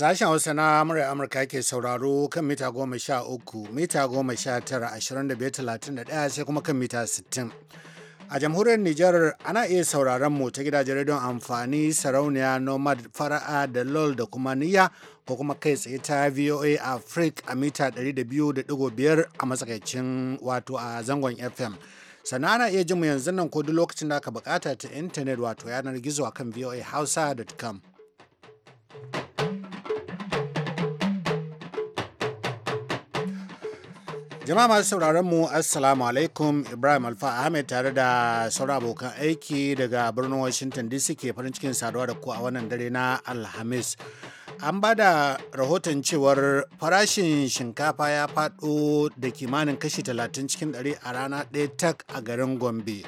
Sashen Hausa na murya Amurka ke sauraro kan mita goma sha uku, mita goma sha tara, ashirin da biyar talatin da ɗaya sai kuma kan mita sittin. A jamhuriyar Nijar ana iya sauraron mu ta gidajen rediyon amfani sarauniya Nomad Fara'a da LOL da kuma Niyya ko kuma kai tsaye ta VOA Africa a mita 200.5 a matsakaicin wato a zangon FM. Sannan ana iya mu yanzu nan ko duk lokacin da aka bukata ta intanet wato yanar gizo a akan voahausa.com. Jama'a masu sauraron mu Assalamu alaikum Ibrahim Alfa Ahmed tare da sauran abokan aiki daga birnin Washington DC ke farin cikin saduwa da ku a wannan dare na Alhamis. an ba da rahoton cewar farashin shinkafa ya faɗo da kimanin kashi 30 cikin 100 a rana ɗaya tak a garin gombe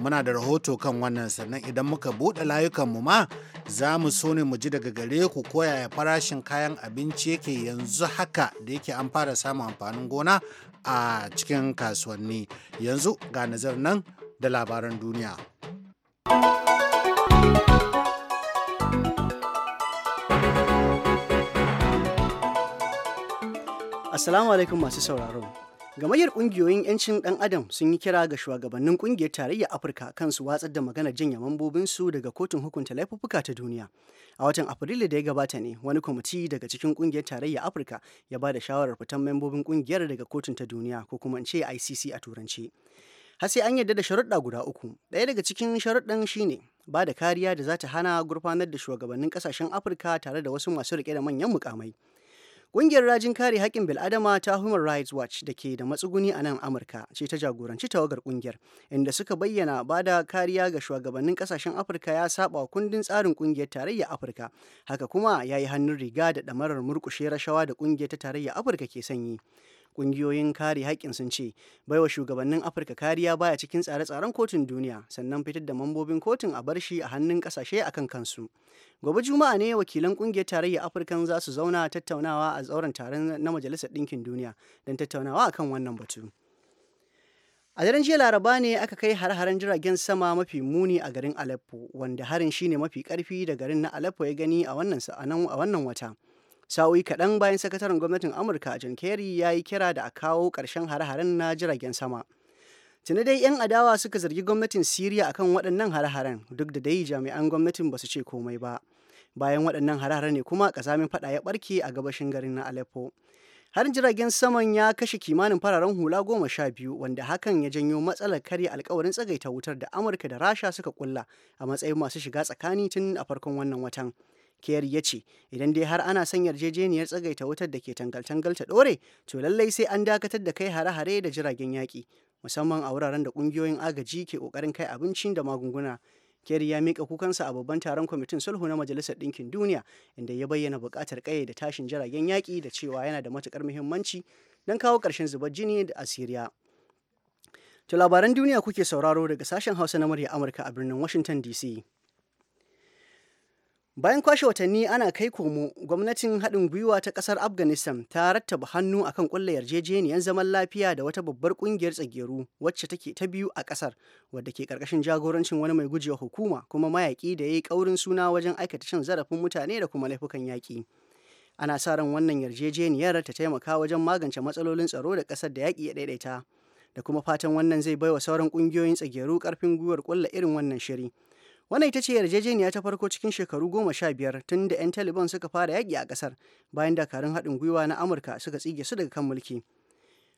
muna da rahoto kan wannan sannan idan muka buɗe layukanmu ma za mu so ne mu ji daga gare ku koyaya farashin kayan abinci yake yanzu haka da yake an fara samun amfanin gona a cikin kasuwanni yanzu ga nazar nan da labaran duniya. Assalamu alaikum masu sauraro. Gamayyar ƙungiyoyin 'yancin ɗan adam sun yi kira ga shugabannin ƙungiyar tarayyar Afirka kan su watsar da maganar membobin su daga kotun hukunta laifuffuka ta duniya. A watan Afrilu da ya gabata ne wani kwamiti daga cikin ƙungiyar tarayyar Afirka ya ba da shawarar fitan membobin ƙungiyar daga kotun ta duniya ko kuma in ce ICC a turanci. har sai an yarda da sharuɗa guda uku ɗaya daga cikin sharuɗan shine ba da kariya da za ta hana gurfanar da shugabannin ƙasashen afirka tare da wasu masu riƙe da manyan mukamai Ƙungiyar rajin kare haƙƙin bil'adama ta Human Rights Watch da ke da matsuguni a nan Amurka ce ta jagoranci tawagar ƙungiyar inda suka bayyana ba da kariya ga shugabannin ƙasashen Afirka ya saba kundin tsarin ƙungiyar tarayya Afirka. Haka kuma ya yi hannun riga da ɗamarar murƙushe rashawa da ƙungiyar ta tarayya Afirka ke sanyi. Ƙungiyoyin kare haƙƙin sun ce baiwa shugabannin Afirka kariya baya cikin tsare-tsaren kotun duniya sannan fitar da mambobin kotun a bar shi a hannun ƙasashe akan kansu. Gobe Juma'a ne wakilan ƙungiyar Tarayya Afirkan za su zauna tattaunawa a tsauran taron na Majalisar Ɗinkin Duniya don tattaunawa akan wannan batu. A daren jiya Laraba ne aka kai har-haren jiragen sama mafi muni a garin Aleppo, wanda harin shine mafi karfi da garin na Aleppo ya gani a wannan wata. sa'o'i kaɗan bayan sakataren gwamnatin amurka john kerry ya yi kira da a kawo ƙarshen hare-haren na jiragen sama tuni dai 'yan adawa suka zargi gwamnatin siriya akan waɗannan hare-haren duk da dai jami'an gwamnatin ba su ce komai ba bayan waɗannan hare-hare ne kuma ƙazamin faɗa ya ɓarke a gabashin garin na aleppo har jiragen saman ya kashe kimanin fararen hula goma sha biyu wanda hakan ya janyo matsalar karya alkawarin tsagaita wutar da amurka da rasha suka kulla a matsayin masu shiga tsakani tun a farkon wannan watan Kerry ya ce idan dai har ana son yarjejeniyar tsagaita wutar da ke tangal-tangal ta ɗore to lallai sai an dakatar da kai hare-hare da jiragen yaƙi musamman a wuraren da ƙungiyoyin agaji ke ƙoƙarin kai abinci da magunguna. Kerry ya mika kukansa a babban taron kwamitin sulhu na Majalisar Ɗinkin Duniya inda ya bayyana buƙatar ƙaye da tashin jiragen yaƙi da cewa yana da matuƙar muhimmanci don kawo ƙarshen zubar jini da asiriya. To labaran duniya kuke sauraro daga sashen Hausa na murya Amurka a birnin Washington DC. Bayan kwashe watanni ana kai komo, gwamnatin haɗin gwiwa ta ƙasar Afghanistan ta rattaba hannu a kan ƙulla yarjejeniyar zaman lafiya da wata babbar ƙungiyar tsageru wacce take ta biyu a ƙasar, wadda ke ƙarƙashin jagorancin wani mai gujewa hukuma kuma mayaƙi da ya yi ƙaurin suna wajen aikata shan zarafin mutane da kuma laifukan yaƙi. Ana sa ran wannan yarjejeniyar ta taimaka wajen magance matsalolin tsaro da ƙasar da yaƙi ya daidaita, da kuma fatan wannan zai baiwa sauran ƙungiyoyin tsageru ƙarfin gwiwar ƙulla irin wannan shiri. Wannan ita ce yarjejeniya ta farko cikin shekaru goma sha biyar tun da 'yan Taliban suka fara yaƙi a ƙasar bayan dakarun haɗin gwiwa na Amurka suka tsige su daga kan mulki.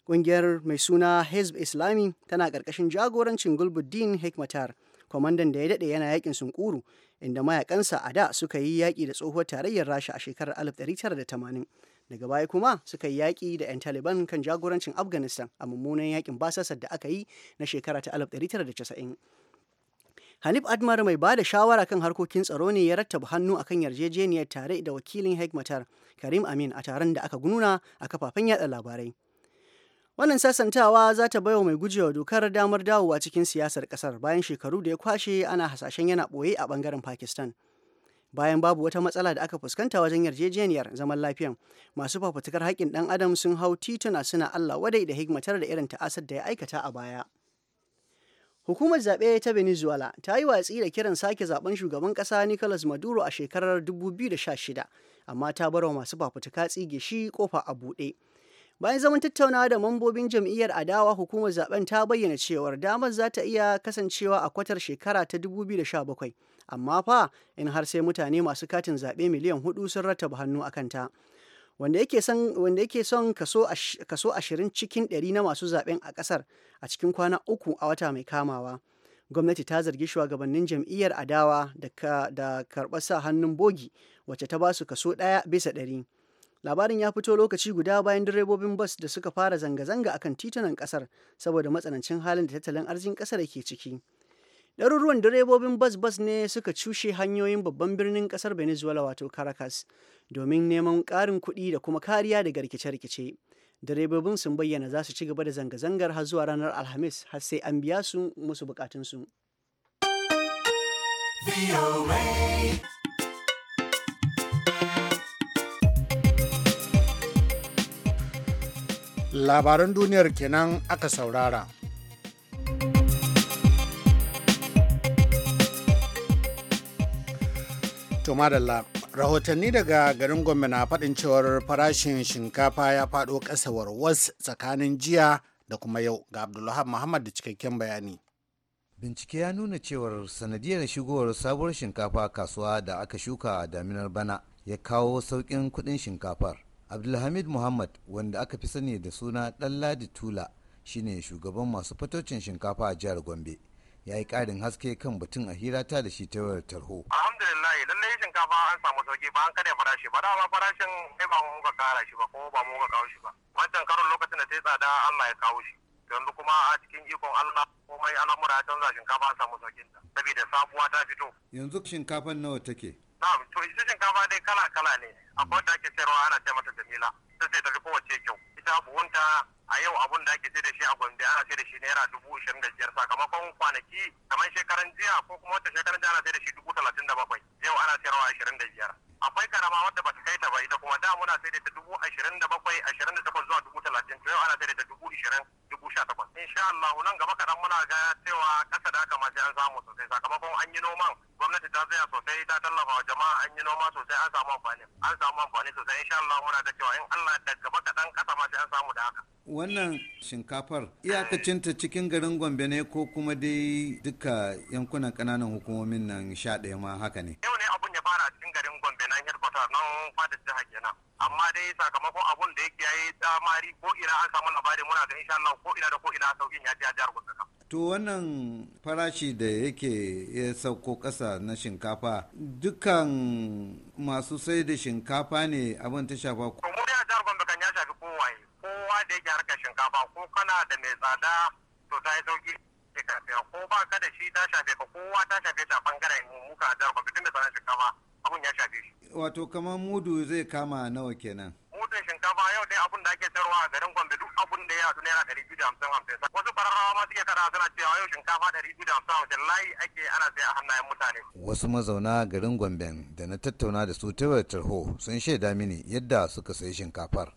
Ƙungiyar mai suna Hezb Islami tana ƙarƙashin jagorancin Gulbuddin Hekmatar, kwamandan da ya daɗe yana yaƙin sunkuru, inda mayakansa a da suka yi yaƙi da tsohuwar tarayyar Rasha a shekarar 1980. Daga baya kuma suka yi yaƙi da 'yan Taliban kan jagorancin Afghanistan a mummunan yaƙin basasar da aka yi na shekara ta 1990. Hanif Admar mai ba da shawara kan harkokin tsaro ne ya rattaba hannu akan yarjejeniyar tare da wakilin hikmatar Karim Amin a taron da aka gununa a kafafen yada labarai. Wannan sasantawa za ta baiwa mai gujewa dokar damar dawowa cikin siyasar kasar bayan shekaru da ya kwashe ana hasashen yana ɓoye a ɓangaren Pakistan. Bayan babu wata matsala da aka fuskanta wajen yarjejeniyar zaman lafiyan, masu fafutukar haƙƙin ɗan adam sun hau tituna suna Allah wadai da hikmatar da irin ta'asar da ya aikata a baya. Hukumar zaɓe ta Venezuela ta yi watsi da kiran sake zaben shugaban ƙasa Nicolas Maduro a shekarar 2016, amma ta barwa masu fafutuka tsige shi kofa a buɗe. Bayan zaman tattaunawa da mambobin jam'iyyar adawa hukumar zaben ta bayyana cewar damar za ta iya kasancewa a kwatar shekara ta 2017, amma fa in har sai mutane masu katin zaɓe miliyan hudu sun rattaba hannu a kanta. wanda yake son kaso ashirin cikin ɗari na masu zaben a ƙasar a cikin kwana uku a wata mai kamawa gwamnati ta zargi shugabannin jam'iyyar adawa da karɓar sa hannun bogi wacce ta ba su kaso ɗaya bisa ɗari labarin ya fito lokaci guda bayan direbobin bas da suka fara zanga-zanga akan titunan ƙasar saboda matsanancin halin da tattalin arzikin ƙasar ke ciki ɗaruruwan direbobin bas-bas ne suka cushe hanyoyin babban birnin ƙasar venezuela wato caracas domin neman ƙarin kuɗi da kuma kariya daga rikice-rikice direbobin sun bayyana za su ci gaba da zanga-zangar har zuwa ranar alhamis har sai an biya su musu bukatunsu labaran duniyar kenan aka saurara To madalla rahotanni daga garin Gombe na faɗin cewar farashin shinkafa ya faɗo ƙasa warwas tsakanin jiya da kuma yau ga Abdullahab Muhammad da cikakken bayani. Bincike ya nuna cewar sanadiyar shigowar sabuwar shinkafa kasuwa da aka shuka a daminar bana ya kawo saukin kuɗin shinkafar. Abdulhamid Muhammad wanda aka fi sani da suna Ɗanladi Tula shine shugaban masu fatocin shinkafa a jihar Gombe. ya yi ƙarin haske kan batun a hira ta da shi ta wayar tarho. Alhamdulillah lallai shinkafa an samu sauki ba an kare farashi ba dama farashin ai ba mu ka kara shi ba ko ba mu ka kawo shi ba. Wancan karon lokacin da ta yi tsada Allah ya kawo shi. Yanzu kuma a cikin ikon Allah komai al'amura ya canza shinkafa an samu sauki ta. Saboda sabuwa ta fito. Yanzu shinkafan nawa take? Na'am to ita shinkafa dai kala kala ne. Akwai wanda ake sayarwa ana ce mata Jamila. Ita sai ta fi kowace kyau. Ita buhunta a yau abun da ake ce da shi a gombe ana ce da shi naira dubu ishirin da biyar sakamakon kwanaki kamar shekaran jiya ko kuma wata shekaran jiya ana ce da shi dubu talatin da bakwai yau ana sayarwa ashirin da biyar akwai karama wadda ba ta kai ta ba ita kuma da muna sai da ta dubu ashirin da bakwai ashirin da takwas zuwa dubu talatin yau ana sai da ta dubu ishirin dubu sha takwas insha Allah nan gaba kaɗan muna ga cewa ƙasa da aka ma sai an samu sosai sakamakon an yi noman gwamnati ta tsaya sosai ta tallafa jama'a an yi noma sosai an samu amfani an samu amfani sosai insha Allah muna da cewa in Allah da gaba kaɗan ƙasa ma sai an samu da haka. Wannan shinkafar iyakacinta cikin garin Gombe ne ko kuma dai duka yankunan ƙananan hukumomin nan sha ɗaya ma haka ne. Yau ne abun ya fara cikin garin Gombe nan headquarter nan fadar jiha kenan. amma dai sakamakon abun da yake yayi tsamari ko ina an samu labarin muna ga insha Allah ko ina da ko ina saukin ya ji a jihar Gombe to wannan farashi da yake ya sauko kasa na shinkafa dukkan masu sai da shinkafa ne abin ta shafa ko mu da jihar Gombe kan ya shafi kowa kowa da yake harkar shinkafa ko kana da mai tsada to ta yi sauki ko ba ka da shi ta shafe ka kowa ta shafe ta bangaren mu muka jihar Gombe tun da sanar shinkafa abun ya shafe shi wato kamar mudu zai kama nawa kenan mudun shinkafa yau dai abun da ake sayarwa a garin Gombe duk abun da ya haɗu naira ɗari biyu da hamsin hamsin wasu fararawa ma suke kada suna cewa yau shinkafa ɗari biyu da hamsin hamsin layi ake ana sai a hannayen mutane wasu mazauna garin Gombe da na tattauna da su ta tarho sun shaida mini yadda suka sayi shinkafar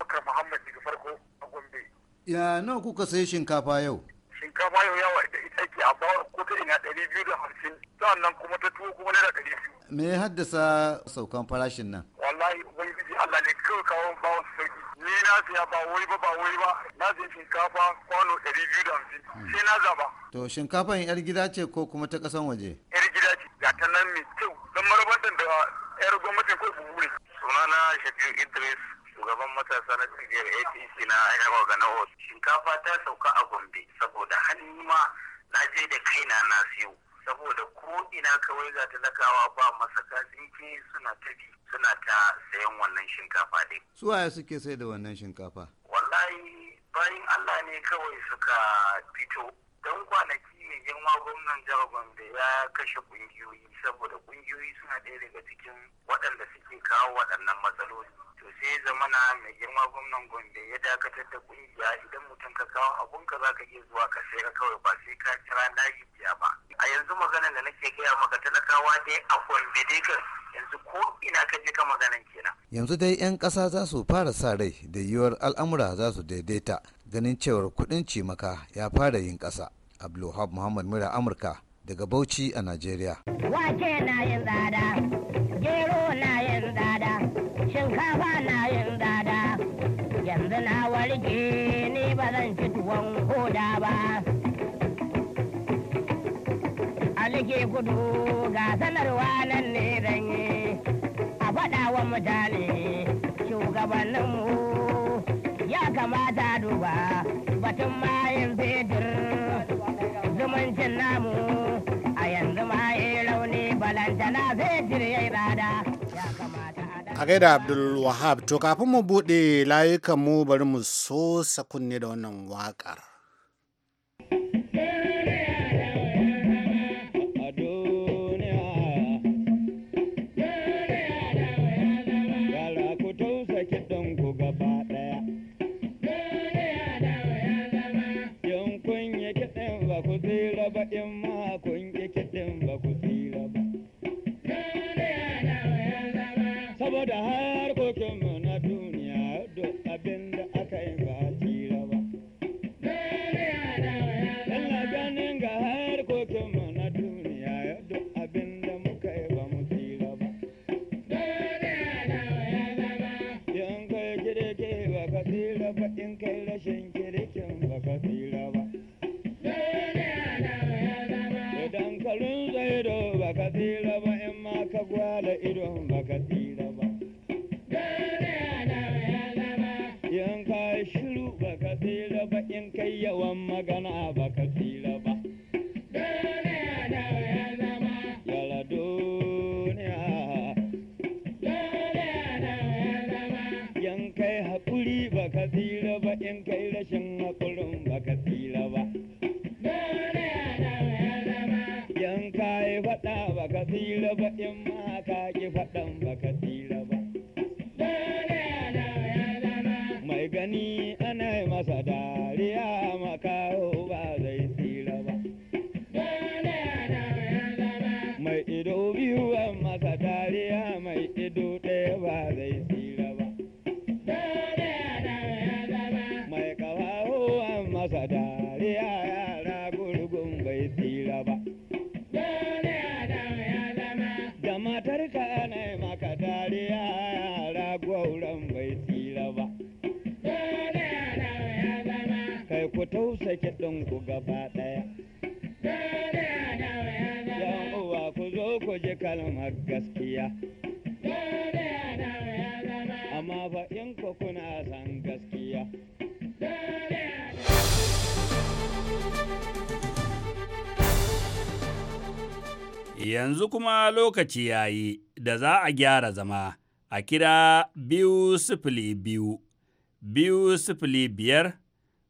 ya nawa kuka sayi shinkafa yau shinkafa yau ya saniya ɗari biyu da hamsin sannan kuma ta tuwo kuma naira ɗari biyu. me ya haddasa saukan farashin nan. wallahi ubangiji allah ne kawai kawo wasu sauki ni na siya ba wai ba ba wai ba na siya shinkafa kwano ɗari biyu da hamsin hmm. sai na zaba. to shinkafan yar gida ce ko kuma ta kasan waje. yar gida ce ga ta nan mai kyau don marabantar da yar gwamnatin kawai buhu ne. sunana shafiu idris shugaban matasa na cibiyar apc na ainihin ga na shinkafa ta sauka a gombe saboda hannu ma na je da kaina na siyo saboda ko ina kawai ga talakawa ba masaka tsinke suna ta bi suna ta sayan wannan shinkafa dai suwaye suke sai da wannan shinkafa wallahi bayan Allah ne kawai suka fito don kwanaki girma gwamnan jihar Gombe ya kashe kungiyoyi saboda kungiyoyi suna ɗaya daga cikin waɗanda suke kawo waɗannan matsaloli. To sai zamana mai girma gwamnan Gombe ya dakatar da kungiya idan mutum ka kawo abun ka za ka iya zuwa ka sai ka kawai ba sai ka kira layi biya ba. A yanzu maganar da nake gaya maka talakawa dai a Gombe dai yanzu ko ina ka je ka maganan kenan. Yanzu dai 'yan ƙasa za su fara sa rai da yiwuwar al'amura za su daidaita ganin cewar kuɗin cimaka ya fara yin ƙasa. abdulhab muhammad mura amurka daga bauchi a Najeriya. wake na yin tsada gero na yin tsada shinkafa na yin tsada yanzu na warke ni ba zan ci tuwon hoda ba alike gudu ga sanarwa nan ne yi, a faɗa wa mutane shugabanninmu ya kamata duba batun ma a gaida abdul wahab to kafin mu buɗe layukan mu bari mu so kunne da wannan waƙar. sake kiɗin ku gaba ɗaya. ya ku zo ku ji kalmar gaskiya. Amma fa in ku kuna san gaskiya. Yanzu kuma lokaci ya yi da za a gyara zama a kira biyu sifili biyu, biyu sifili biyar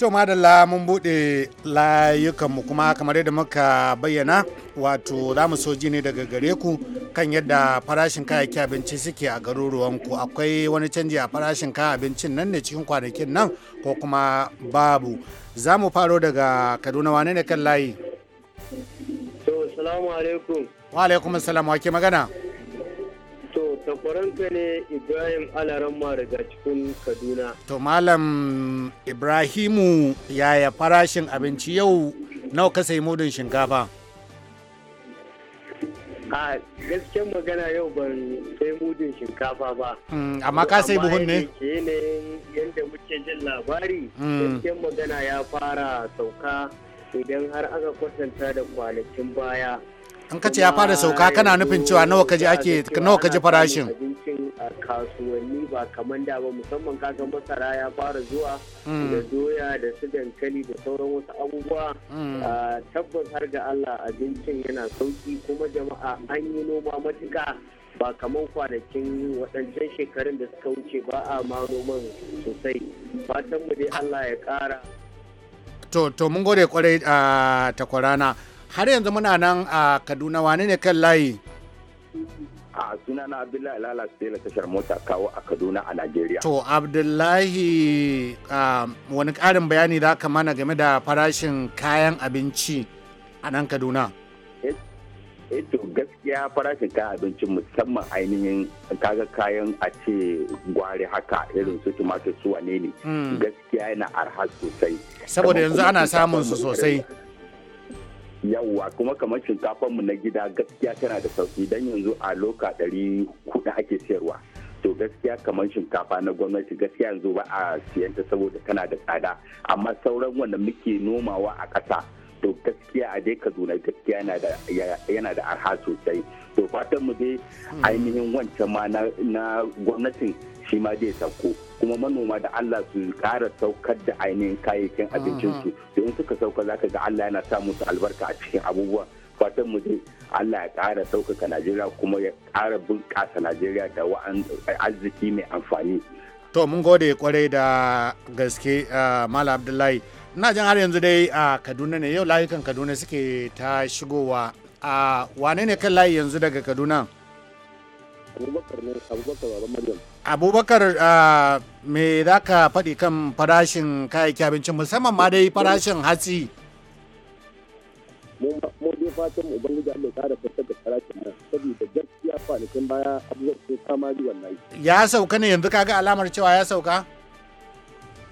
to madalla mun buɗe layukanmu kuma kamar yadda muka bayyana wato za mu soji ne daga gare ku kan yadda farashin kayayyaki abinci suke a garuruwanku akwai wani canji a farashin kayan abincin nan ne cikin kwanakin nan ko kuma babu za mu faro daga kaduna wane ne kan layi to salamu alaikum wa alaikum salam wa magana To, takwaranka ne Ibrahim Alaramma daga cikin Kaduna. To, Malam Ibrahimu yaya farashin abinci yau nawa ka sayi mudun shinkafa? A gaskiyar magana yau ban sai mudun shinkafa ba. Hmm, amma ka sai buhun ne? ne yadda muke jin labari, hmm. gaskiyar magana ya fara sauka idan har aka kwatanta da kwanakin baya. an ka ce ya fara sauka kana nufin cewa nawa kaji ake nawa kaji farashin a kasuwanni ba kamar da ba musamman kaga masara ya fara zuwa mm. da doya da su dankali da sauran wasu abubuwa mm. tabbas har ga Allah abincin yana sauki kuma jama'a an yi noma matuka ba kamar kwanakin waɗancan shekarun da suka wuce ba a ma noman sosai fatan mu dai Allah ya ƙara to to mun gode kwarai a takwarana har yanzu muna nan a kaduna wane ne kan layi a suna na abdullahi lala stela tashar mota kawo a kaduna a nigeria to abdullahi wani karin bayani da ka mana game da farashin kayan abinci a nan kaduna eto eh, eh gaskiya farashin kayan abinci musamman ainihin kaga kayan a ce gwari haka irin su tumatir su wane ne hmm. gaskiya yana arha sosai saboda yanzu ana samun su sosai yawwa kuma kamar shinkafar mu na gida gaskiya tana da sauki dan yanzu a loka ɗari kuɗi ake siyarwa to gaskiya kamar shinkafa na gwamnati gaskiya yanzu ba a siyanta saboda tana da tsada amma sauran wanda muke nomawa a ƙasa to gaskiya a dai kaduna gaskiya yana da arha sosai to fatan mu dai hmm. ainihin wancan ma na gwamnatin shi ma zai sauko kuma manoma da Allah su kara saukar da ainihin kayayyakin abincinsu to in suka sauka zaka ga Allah yana sa musu albarka a cikin abubuwa fatan mu dai Allah ya kara saukaka Najeriya kuma ya kara bunƙasa Najeriya da wa'an arziki mai amfani. To mun gode kwarai da gaske eh, Malam Abdullahi. Ina jin har yanzu dai a Kaduna ne yau layukan Kaduna suke ta shigowa. a wane ne kan layi yanzu daga Kaduna? abubakar ne abubakar baban abubakar ah, me za ka faɗi kan farashin kayayyakin abinci musamman ma dai farashin hatsi mu dai fatan ubangiji Allah ya fitar da farashin nan saboda gaskiya kan baya abubuwan sun kama ji wallahi ya sauka ne yanzu kaga alamar cewa ya sauka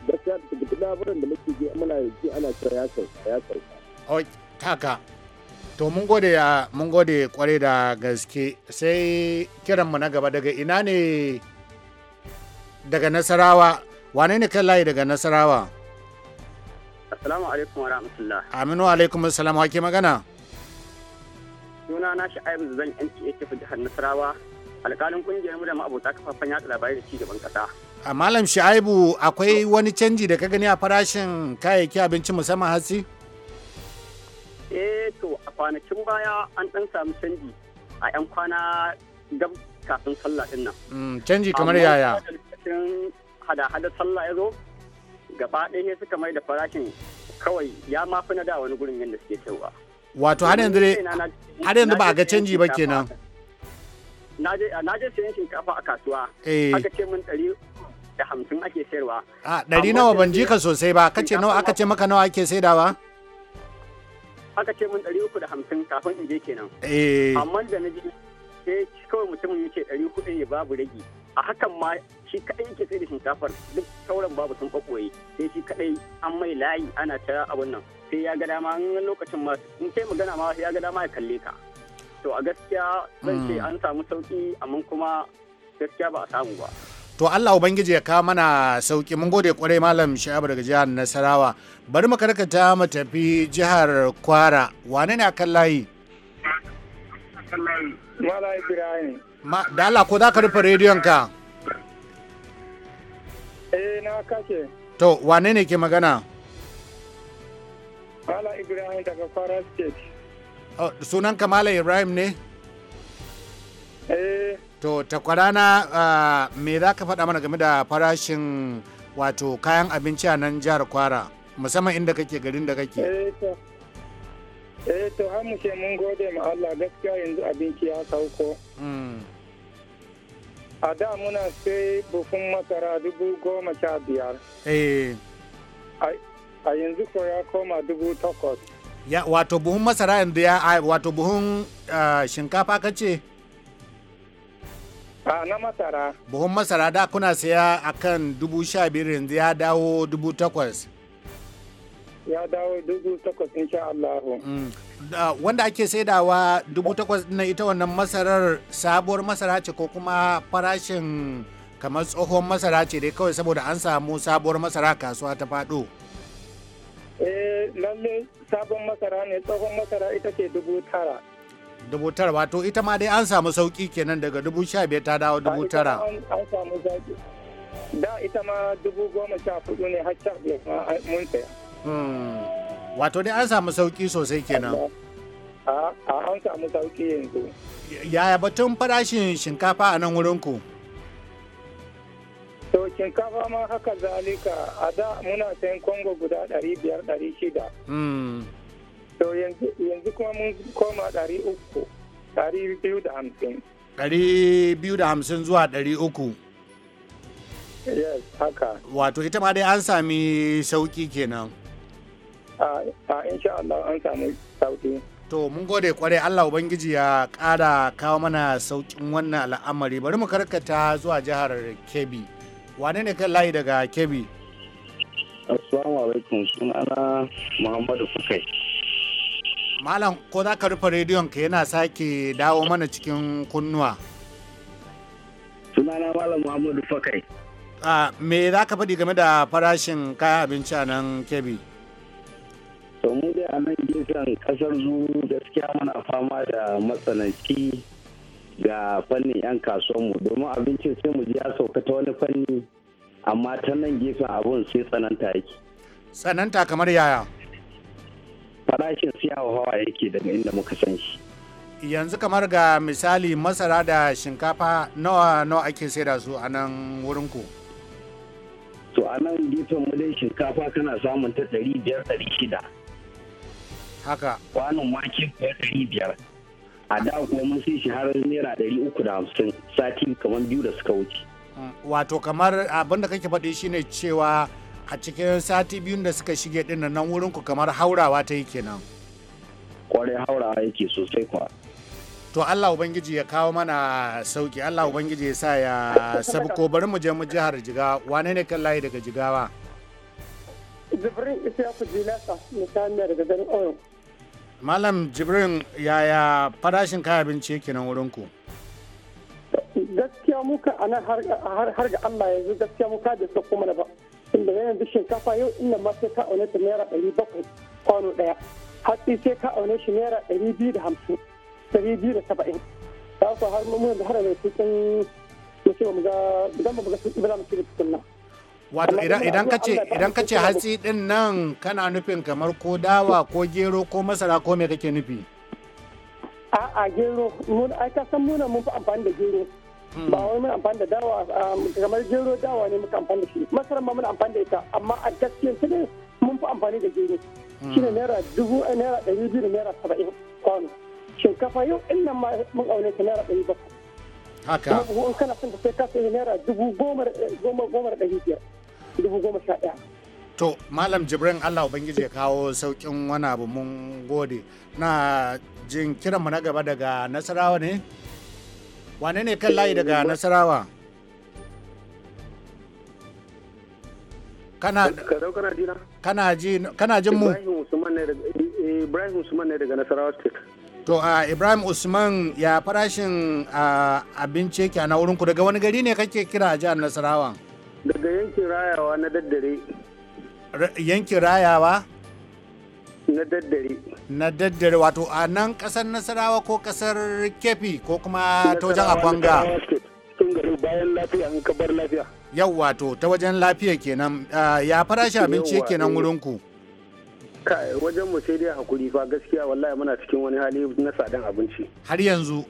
gaskiya da labarin da muke ji muna ji ana cewa ya sauka ya sauka haka to mun gode ya ah, mun gode kware da gaske sai kiranmu na gaba daga ina ne daga nasarawa wane ne kan layi daga nasarawa assalamu alaikum wa rahmatullah aminu alaikum wa ke magana suna na sha'ayin zan yanci yake fi jihar nasarawa alkalin kungiyar mu da ma'abota kafafen yatsa labarai da cigaban kasa a ah, malam sha'ibu akwai wani canji da ka gani a farashin kayayyaki abinci musamman hatsi kwanakin baya an ɗan samu canji a 'yan kwana gab kafin sallah ɗin nan. Mm, canji kamar yaya? hada-hada sallah ya zo gaba ɗaya suka mai da farashin kawai ya ma fi na da wani gurin yadda suke cewa. Wato har yanzu har yanzu ba a ga canji ba kenan. Na je sayan shinkafa a kasuwa. Eh. Aka ce mun ɗari da hamsin ake sayarwa. A ɗari nawa ban ji ka sosai ba, kace nawa aka ce maka nawa ake saidawa? aka ce min ɗari uku da hamsin kafin in je kenan. Eh. Amma da na ji sai kawai mutumin yake ce ya ne babu rage. A hakan ma shi kaɗai yake sai da shinkafar duk sauran babu sun ɓaɓɓoye sai shi kaɗai an mai layi ana ta abun nan sai ya ga dama in lokacin ma in kai magana ma ya ga dama ya kalle ka. To a gaskiya zan ce hmm. an samu sauki amma kuma gaskiya ba a samu ba. to Allah ubangiji ya kawo mana sauki mun gode kwarai malam Sha'ibu daga jihar Nasarawa bari mu karkata mu tafi jihar Kwara wane ne akan layi Mala Ibrahim da Allah ko za ka rufe rediyon ka Eh na kake. To wane ne ke magana Mala Ibrahim daga Kwara State oh, Sunan ka Mala Ibrahim ne Eh to takwarana me za ka faɗa mana game da farashin wato kayan abinci a nan jihar kwara musamman inda kake garin da kake eh to eh har mu ce mun gode ma Allah gaskiya yanzu abinci ya sauko hmm. a da muna sai bukun masara dubu goma sha biyar eh. a yanzu ko ya koma dubu takwas wato buhun masara yanzu ya wato buhun shinkafa ka ce a na masara buhun masara da kuna saya kan dubu sha biyar yanzu ya dawo dubu takwas ya dawo dubu takwas insha Allah mm. wanda ake saidawa dubu takwas na ita wannan masarar sabuwar masara ce ko kuma farashin kamar tsohon masara ce dai kawai saboda an samu sabuwar masara kasuwa ta faɗo. eh lalle sabon masara ne tsohon masara ita ce dubu tara dubu tara wato ita ma dai an samu sauki kenan daga dubu sha biyar ta dawo dubu tara an samu sauki da ita ma dubu goma sha hudu ne har sha biyar mun tsaya hmm. wato dai an samu sauki sosai kenan a an samu sauki yanzu yaya batun farashin shinkafa a nan wurinku to shinkafa ma haka zalika a da muna sayan kongo guda ɗari biyar ɗari shida hmm. to yanzu kuma mun koma ɗari uku ɗari biyu da hamsin ɗari biyu da hamsin zuwa ɗari uku yes haka wato ita ma dai an sami sauki kenan a insha Allah an sami sauki To mun gode kwarai Allah Ubangiji ya ƙara kawo mana sauƙin wannan al'amari bari mu karkata zuwa jihar Kebbi. Wane ne kan layi daga Kebbi? Assalamu alaikum sunana Muhammadu Fukai. malam ko za ka rufe rediyon ka yana sake dawo mana cikin kunnuwa sunana malam muhammadu fakai a me za ka faɗi game da farashin kayan abinci a nan kebi to mu dai a nan gefen kasar zu gaskiya muna fama da matsananci ga fannin 'yan kasuwanmu domin abincin sai mu ji ya sauka ta wani fanni amma ta nan gefen abun sai tsananta yake tsananta kamar yaya farashin siya hawa yake daga inda muka san shi yanzu kamar ga misali masara da shinkafa nawa nawa ake saida su a nan wurin ku to a nan gefen mu dai shinkafa kana samun ta ɗari biyar ɗari shida haka kwanon wake kuwa ɗari biyar a da kuma mun sai shi har naira ɗari uku da hamsin sati kamar biyu da suka wuce mm, wato kamar abinda da kake faɗi shine cewa a cikin sati biyun da suka shige din nan wurin ku kamar haurawa ta yi kenan kwarai haurawa yake sosai kwa to Allah ubangiji ya kawo mana sauki Allah ubangiji ya sa ya sabko bari mu je mu jihar Jigawa wane ne kan layi daga Jigawa Jibrin Isiyaku Jilaka mutane daga garin Oyo Malam Jibrin yaya farashin kayan abinci yake nan wurin ku gaskiya muka a nan har ga Allah yanzu gaskiya muka da sauko mana ba inda ga yanzu shinkafa yau inda ma sai ka aune ta naira ɗari bakwai kwano ɗaya hatsi sai ka aune shi naira ɗari biyu da hamsin ɗari biyu da saba'in za ku har mun da har mai sun ya ce mu ga idan mu ga sun ba mu cire tutun nan. Wato idan ka ce idan ka ce hatsi din nan kana nufin kamar ko dawa ko gero ko masara ko me kake nufi? A'a gero mun ai ka san muna mun fi amfani da gero. ba wai mun amfani da dawa um, kamar gero dawa ne muka amfani da shi masarar ma muna amfani da ita amma a gaskiyar su ne mun fi amfani da gero hmm. shi ne naira dubu eh, naira ɗari biyu da naira saba'in kwano shinkafa yau in nan ma mun aune ta naira ɗari bakwai haka kuma buhu in kana son ta sai ka sai naira dubu eh, goma goma da ɗari biyar dubu goma sha ɗaya To, Malam Jibrin Allah Ubangiji ya kawo sauƙin wani abu mun gode. Na jin kiranmu na gaba daga Nasarawa ne? wane ne kan layi daga nasarawa kana kana jin mu Ibrahim Usman ne daga Nasarawa State to a Ibrahim Usman ya farashin abinci yake na wurin ku daga wani gari ne kake kira a jihar Nasarawa daga yankin rayawa na daddare yankin rayawa na daddare na daddare wato a nan kasar nasarawa ko kasar kefi ko kuma ta wajen akwanga bayan lafiya in ka bar lafiya yau wato ta wajen lafiya kenan ya farashi abinci kenan eh. wurin ku wajen mu sai dai hakuri fa gaskiya wallahi muna cikin wani hali na sadan abinci har yanzu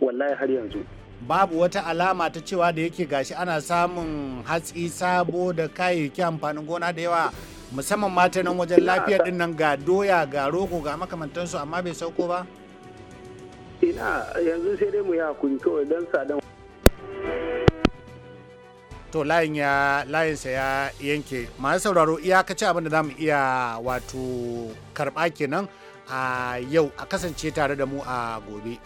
wallahi har yanzu babu wata alama ta cewa da yake gashi ana samun hatsi sabo da kayayyaki amfanin gona da yawa musamman mata nan wajen lafiya din nan ga doya ga roko ga makamantansu amma bai sauko ba ina yanzu sai dai mu yi hakuri kawai don sadan to layin ya layinsa ya yanke masu sauraro iyakaci abin da za mu iya wato karɓa kenan a yau a kasance tare da mu a gobe.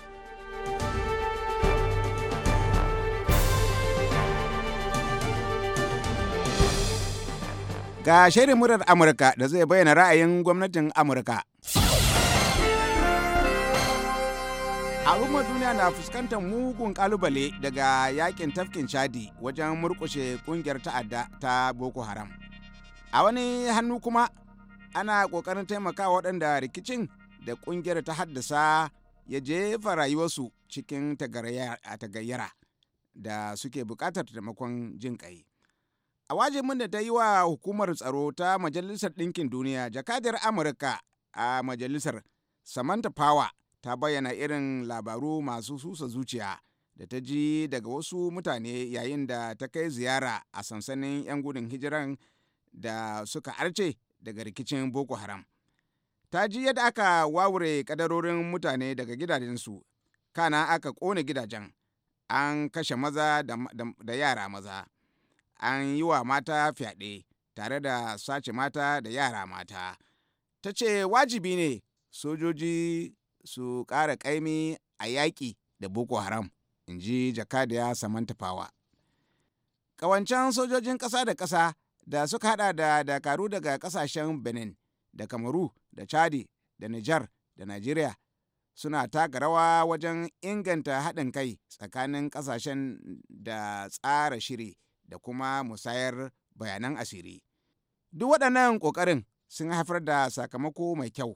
Ga shirin murar Amurka da zai bayyana ra'ayin gwamnatin Amurka. al'ummar duniya na fuskantar mugun kalubale daga yakin tafkin chadi wajen murkushe kungiyar ta'adda ta boko haram a wani hannu kuma ana kokarin taimakawa waɗanda rikicin da kungiyar ta haddasa ya jefa rayuwarsu cikin tagayyara da suke buƙatar taimakon jin ƙai a wajibin da ta yi wa hukumar tsaro ta majalisar ɗinkin duniya jakadar amurka a majalisar samantha power ta bayyana irin labaru masu susa zuciya da ta ji daga wasu mutane yayin da ta kai ziyara a sansanin 'yan gudun hijiran da suka arce daga rikicin boko haram ta ji yadda aka wawure kadarorin mutane daga gidajensu kana aka ƙone gidajen an kashe maza da, yara maza an yi wa mata fyaɗe tare da sace mata da yara mata ta ce wajibi ne sojoji su ƙara ƙaimi a yaƙi da boko haram in ji jakadiya samanta fawa ƙawancen sojojin ƙasa da ƙasa da suka haɗa da dakaru daga ƙasashen benin da kamaru da chadi da nijar da najeriya suna taka rawa wajen inganta haɗin kai tsakanin ƙasashen da tsara shiri da kuma musayar bayanan asiri. Duk waɗannan ƙoƙarin sun haifar da sakamako mai kyau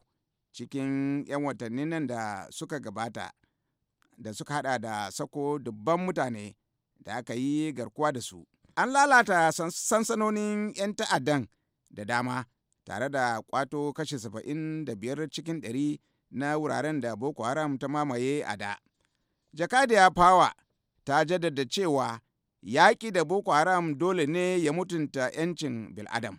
cikin 'yan watannin nan da suka gabata da suka haɗa da sako dubban mutane da aka yi garkuwa da su. An lalata sansanonin 'yan ta'addan da dama tare da kwato kashe saba'in da biyar cikin ɗari na wuraren da Boko Haram ta mamaye a da. Jakadiya Fawa ta jaddada cewa yaƙi da boko haram dole ne ya mutunta 'yancin bil'adam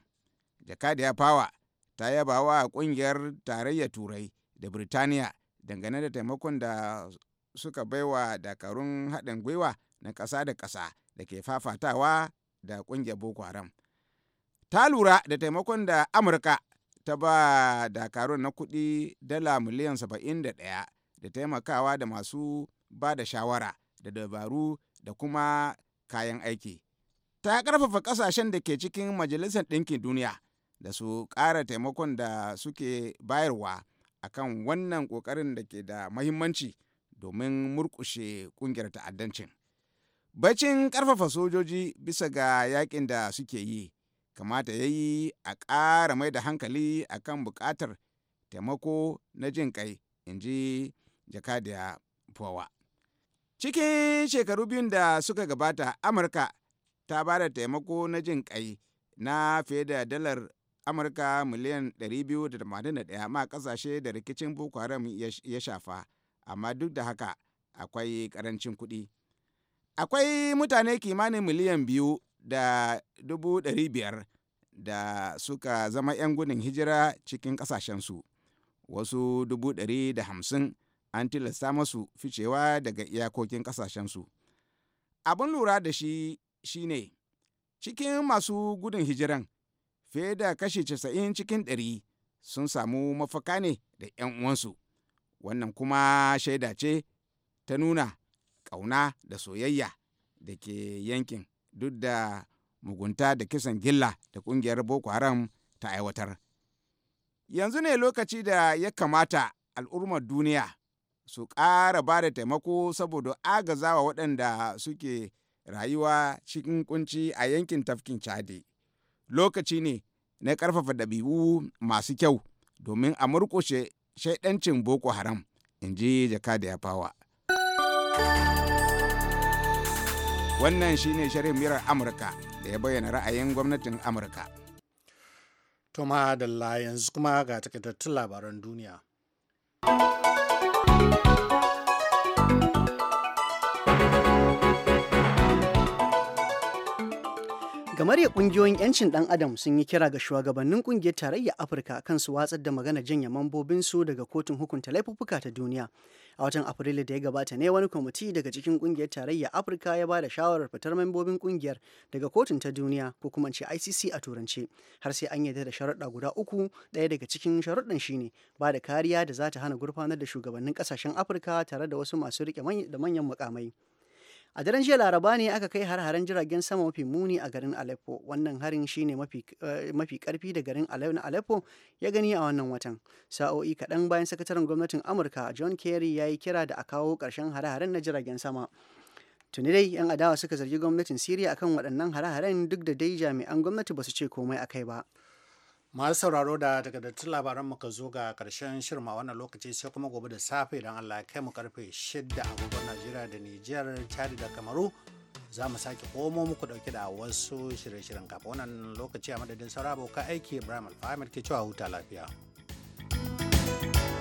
jakadiya fawa ta yaba wa ƙungiyar tarayya turai da birtaniya dangane da taimakon da suka baiwa dakarun haɗin gwiwa na ƙasa da ƙasa da ke fafatawa da ƙungiyar boko haram ta lura da taimakon da amurka ta ba dakarun na kuɗi dala miliyan saba'in da ɗaya da taimakawa da masu ba da shawara da dabaru da kuma kayan aiki ta ƙarfafa ƙasashen da ke cikin majalisar ɗinkin duniya da su ƙara taimakon da suke bayarwa a kan wannan ƙoƙarin da ke da mahimmanci domin murƙushe ƙungiyar ta'addancin bacin ƙarfafa sojoji bisa ga yaƙin da suke yi kamata ya yi a ƙara mai da hankali a kan buƙatar taimako na jin ƙai in ji jakadiya fowa cikin shekaru biyun da suka gabata amurka ta ba da taimako na jin kai na fiye da dalar amurka miliyan 281 ma kasashe da rikicin boko haram ya shafa amma duk da haka akwai ƙarancin kuɗi akwai mutane kimanin miliyan biyu da dubu ɗari biyar da suka zama 'yan gudun hijira cikin ƙasashensu wasu dubu ɗari da hamsin an tilasta masu ficewa daga iyakokin ƙasashensu. Abin lura da shi shine cikin masu gudun hijiran fiye da kashi casa'in cikin ɗari sun samu mafaka ne da 'yan uwansu. Wannan kuma shaida ce ta nuna ƙauna da soyayya da ke yankin duk da mugunta da kisan gilla da ƙungiyar Boko Haram ta aiwatar. Yanzu ne lokaci da ya kamata al'ummar duniya su ƙara ba da taimako saboda agazawa waɗanda suke rayuwa cikin kunci a yankin tafkin chadi lokaci ne na ƙarfafa ɗabi'u masu kyau domin a murƙushe shaidancin boko haram in ji jaka da ya fawa wannan shi ne shirin mirar amurka da ya bayyana ra'ayin gwamnatin amurka toma da yanzu kuma ga takaitattun labaran duniya. kamar ya kungiyoyin 'yancin dan adam sun yi kira ga shugabannin kungiyar tarayya afirka kan su watsar da magana mambobin su daga kotun hukunta laifuffuka ta duniya a watan afrilu da ya gabata ne wani kwamiti daga cikin kungiyar tarayya afirka ya ba da shawarar fitar mambobin kungiyar daga kotun ta duniya ko kuma ce icc a turance har sai an yarda da sharuɗa guda uku ɗaya daga cikin sharuɗan shine ba da kariya da za ta hana gurfanar da shugabannin ƙasashen afirka tare da wasu masu riƙe da manyan mukamai. a daren jiya laraba ne aka kai har-haren jiragen sama mafi muni a garin aleppo wannan harin shine mafi karfi eh, da garin aleppo ya gani a wannan watan sa'o'i kaɗan bayan sakataren gwamnatin amurka john kerry ya yi kira da a kawo ƙarshen hare-haren na jiragen sama tuni dai yan adawa suka zargi gwamnatin syria akan waɗannan har haren duk da dai jami'an gwamnati ba su ce komai a kai ba masu sauraro da takardattun labaran muka zo ga karshen shirma wannan lokaci sai kuma gobe da safe idan allah ya kai mu karfe 6 agogon najeriya da nijar chad da kamaru za mu sake komo muku dauke da wasu shirye-shiryen kafa wannan lokaci a madadin saura ka aiki ibrahim alfahamir ke cewa huta lafiya thank you